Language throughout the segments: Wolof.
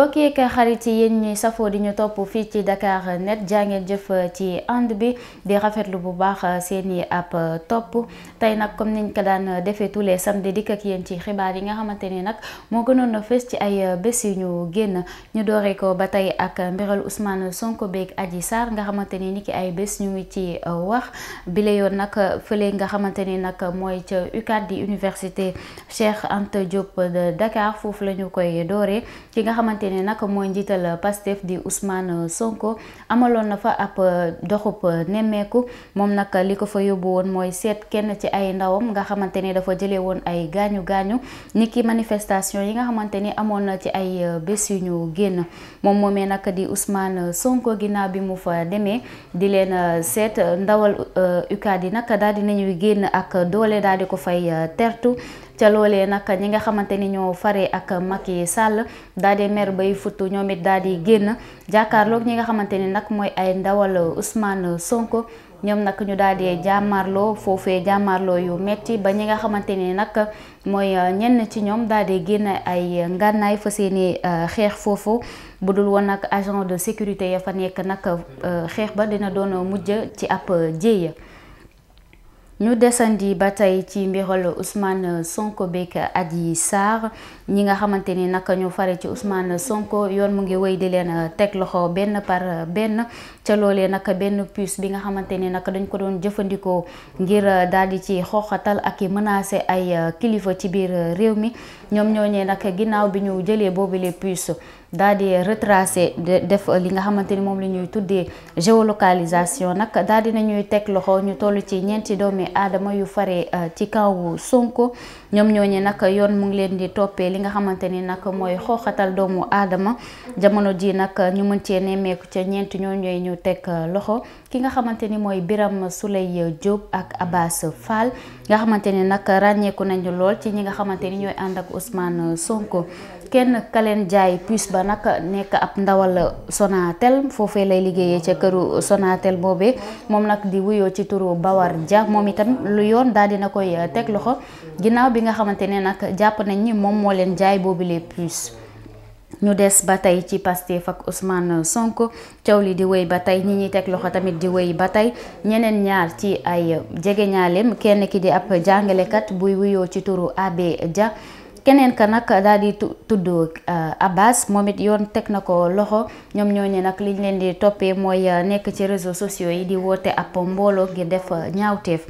mbokkeek xarit yi yéen ñuy safoo di ñu topp fii ci dakaar net jàngeen jëf ci ànd bi di rafetlu bu baax seen i ab topp tey nag comme niñ ko daan defee tous les dikk ak yéen ci xibaar yi nga xamante ni nag moo gënoon a fës ci ay bés yu ñu génn ñu dooree ko ba tey ak mbiral Ousmane Sonko beeg Adji Sarr nga xamante ni ni ki ay bés ñu ngi ci wax bile yoon nag fële nga xamante ni nag mooy ca UCAD di université Cheikh ant Diop de Dakar foofu la ñu koy dooree ki nga xamante ne nag mooy njiital Pastef di usmaan Sonko amaloon na fa ab euh, doxub euh, nemmeeku moom nag li ko fa yóbbu woon mooy seet kenn ci ay ndawam nga xamante ni dafa jëlee woon ay gaañu gaañu nit ki manifestation yi nga xamante ni amoon na ci ay euh, bés yu ñu génn moom moomee nag di Ousmane Sonko ginnaaw bi mu fa demee di leen seet ndawal UCAD yi nag daal di nañuy génn ak doole daal di ko fay tertu ca loole nag ñi nga xamante ni ñoo fare ak Macky Sall daal di mer bay futtu ñoom it daal di génn jàkkaarloog ñi nga xamante ni nag mooy ay ndawal Ousmane Sonko ñoom nag ñu daal di jàmmaarloo foofee jàmmaarloo yu metti ba ñi nga xamante ni nag mooy ñenn ci ñoom daal di génn ay ngànnaay fa seeni euh, xeex foofu bu dul woon nag agent de sécurité ya fa nekk nag euh, xeex ba dina doon mujj ci ab jéeya ñu desandi ba tey ci mbiral Ousmane Sonko beeg Adji saar ñi nga xamante ni naka ñu fare ci Ousmane Sonko yoon mu ngi woy di leen euh, teg loxo benn par euh, benn ca loolee naka benn puce bi nga xamante ni naka dañ ko doon jëfandikoo ngir euh, daal di ci xooxatal ak i menacer ay kilifa ci biir réew mi ñoom ñooñee nag ginnaaw bi ñu jëlee boobu les puces daal di retracé def li nga xamante ni moom la ñuy tuddee géolocalisation nag daal di nañuy teg loxo ñu toll ci ñeenti doomi aadama yu fare ci kaw Sonko. ñoom ñooñu nag yoon mu ngi leen di toppee li nga xamante ni nag mooy xooxatal doomu aadama jamono ji nag ñu mën cee nemmeeku ca ñeent ñooñu ñu teg loxo ki nga xamante ni mooy biram Birame Souleye jóob ak Abass Fall. nga xamante ne nag ràññeeku nañu lool ci ñi nga xamante ni ñooy ànd ak Ousmane Sonko kenn kaleen jaay puce ba nag nekk ab ndawal Sonatel foofee lay liggéeyee ca këru Sonatel boobee moom nag di wuyoo ci turu Bawar Dia moom itam lu yoon daal dina koy teg loxo ginnaaw bi nga xamante ne nag jàpp nañ ni moom moo leen jaay boobu les puces ñu des ba tey ci Pastef ak Ousmane sonk coow li di woy ba tey ñi ñuy teg loxo tamit di woy ba tey ñeneen ñaar ci ay jegeñaaleem kenn ki di ab jàngalekat buy wuyoo ci turu Abbé ja keneen ka nag daal di tudd euh, Abbas moom it yoon teg na ko loxo ñoom ñooñu nag liñ leen di toppee mooy euh, nekk ci réseau sociaux yi di woote ab mbooloo ngir def euh, ñaawteef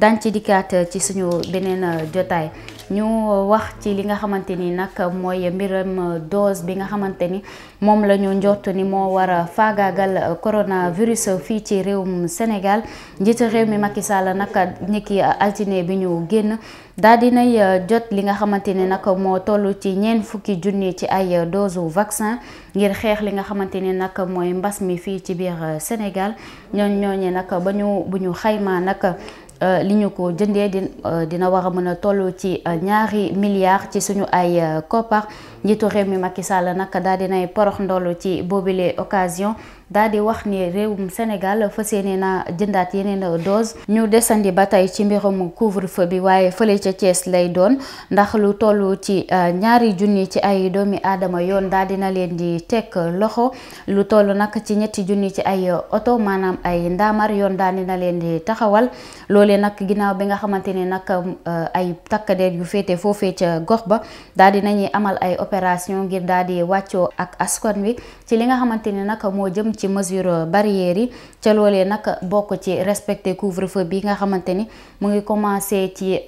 dañ ci dikkaat ci suñu beneen jotaay. ñu wax ci li nga xamante ni nag mooy mbiram dose bi nga xamante ni moom la ñu njort ni moo war a faagaagal coronavirus fii ci réewum Sénégal njiitu réew mi Macky Sall nag niki altine bi ñu génn daal dinay jot li nga xamante ni nag moo toll ci ñeen fukki junni ci ay dose vaccin ngir xeex li nga xamante ni nag mooy mbas mi fii ci biir Sénégal ñooñ ñooñe nag ba ñu bu ñu xaymaa nag Euh, li ñu ko jëndee di euh, dina war a mën a toll ci euh, ñaari milliards ci suñu ay koppar njiitu réew mi Macky Sall nag daal dinay porox ndoll ci boobile occasion daal di wax ni réewum Sénégal fas yéene na jëndaat yeneen dose ñu desandi ba tey ci mbirum couvre-feu bi waaye fële ca Thiès lay doon ndax lu toll ci euh, ñaari junni ci ay doomi aadama yoon daal na leen di teg loxo lu toll nag ci ñetti junni ci ay oto maanaam ay ndaamar yoon daal dina leen di taxawal loole nag ginnaaw bi nga xamante ne nag euh, ay takk yu féete foofee ca gox ba daal dinañuy amal ay opération ngir daal di wàccoo ak askan wi ci li nga xamante ni nag moo jëm ci mesure barrières yi ca loolee nag bokk ci respecter couvre-feu bi nga xamante ni mu ngi commencé ci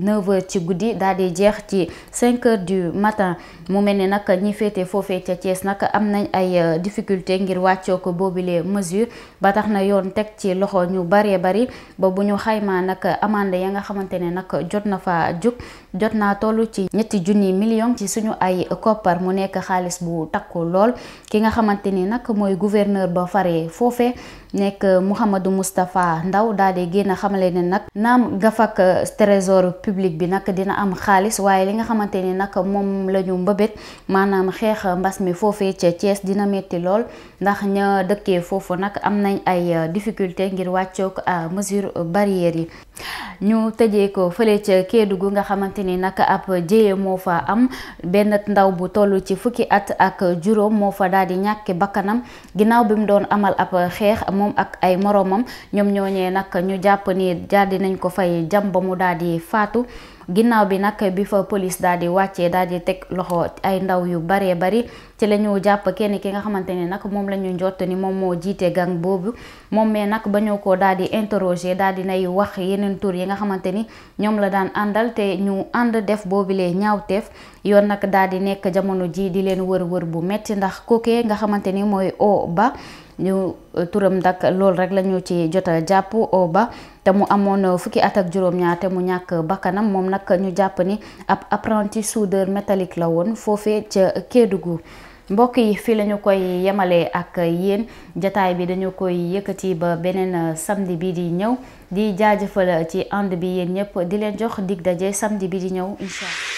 9h euh, ci guddi daal di jeex ci 5h du matin mu mel ni nag ñi féete foofee ca Thiès nag am nañ ay euh, difficulté ngir wàccoo ko boobule mesure ba tax na yoon teg ci loxo ñu baree bari ba bu ñu xaymaa nag amande ya nga xamante ne nag jot na fa jug jot naa toll ci ñetti junni million ci suñu ay koppar mu nekk xaalis bu takku lool ki nga xamante ni nag mooy gouverneur ba fare foofe nekk Mouhamadou Moustapha Ndaw daal di génn xamale ne nag naam gafak trésor publique bi nag dina am xaalis waaye li nga xamante ni nag moom la ñu mbëbét maanaam xeex mbas mi foofee ca Thiès dina metti lool ndax ña dëkkee foofu nag am nañ ay difficulté ngir wàccook à mesure barrière yi ñu tëjee ko fële ca Kédougou nga xamante ni nag ab jéye moo fa am benn ndaw bu toll ci fukki at ak juróom moo fa daal di ñàkki bakkanam ginnaaw bi mu doon amal ab xeex moom ak ay moroomam ñoom ñooñee nag ñu jàpp ni daal nañ ko fay jam ba mu daal di faatu ginnaaw bi nag bi fa police daal di wàccee daal di teg loxo ay ndaw yu baree bari ci la ñu jàpp kenn ki nga xamante ni nag moom la ñu njott ni moom moo jiite gang boobu moom mais nag ba ñu ko daal di interroger daal di nay wax yeneen tur yi nga xamante ni ànd def boobilee ñaawteef yoon nag daal di nekk jamono ji di leen wër wër bu metti ndax kookee nga xamante ni mooy o ba ñu euh, turam nag loolu rek la ci jot jàpp o ba te mu amoon fukki at ak juróom-ñaar te mu ñàkk bakkanam moom nag ñu jàpp ni ab apprenti soudeur métallique la woon foofee ca Kédougou mbokk yi fii lañu koy yemalee ak yéen jataay bi dañu koy yëkkati ba beneen uh, samedi bi di ñëw di jaajëfal uh, ci ànd bi yéen ñëpp di leen jox dig daje samedi bi di ñëw incha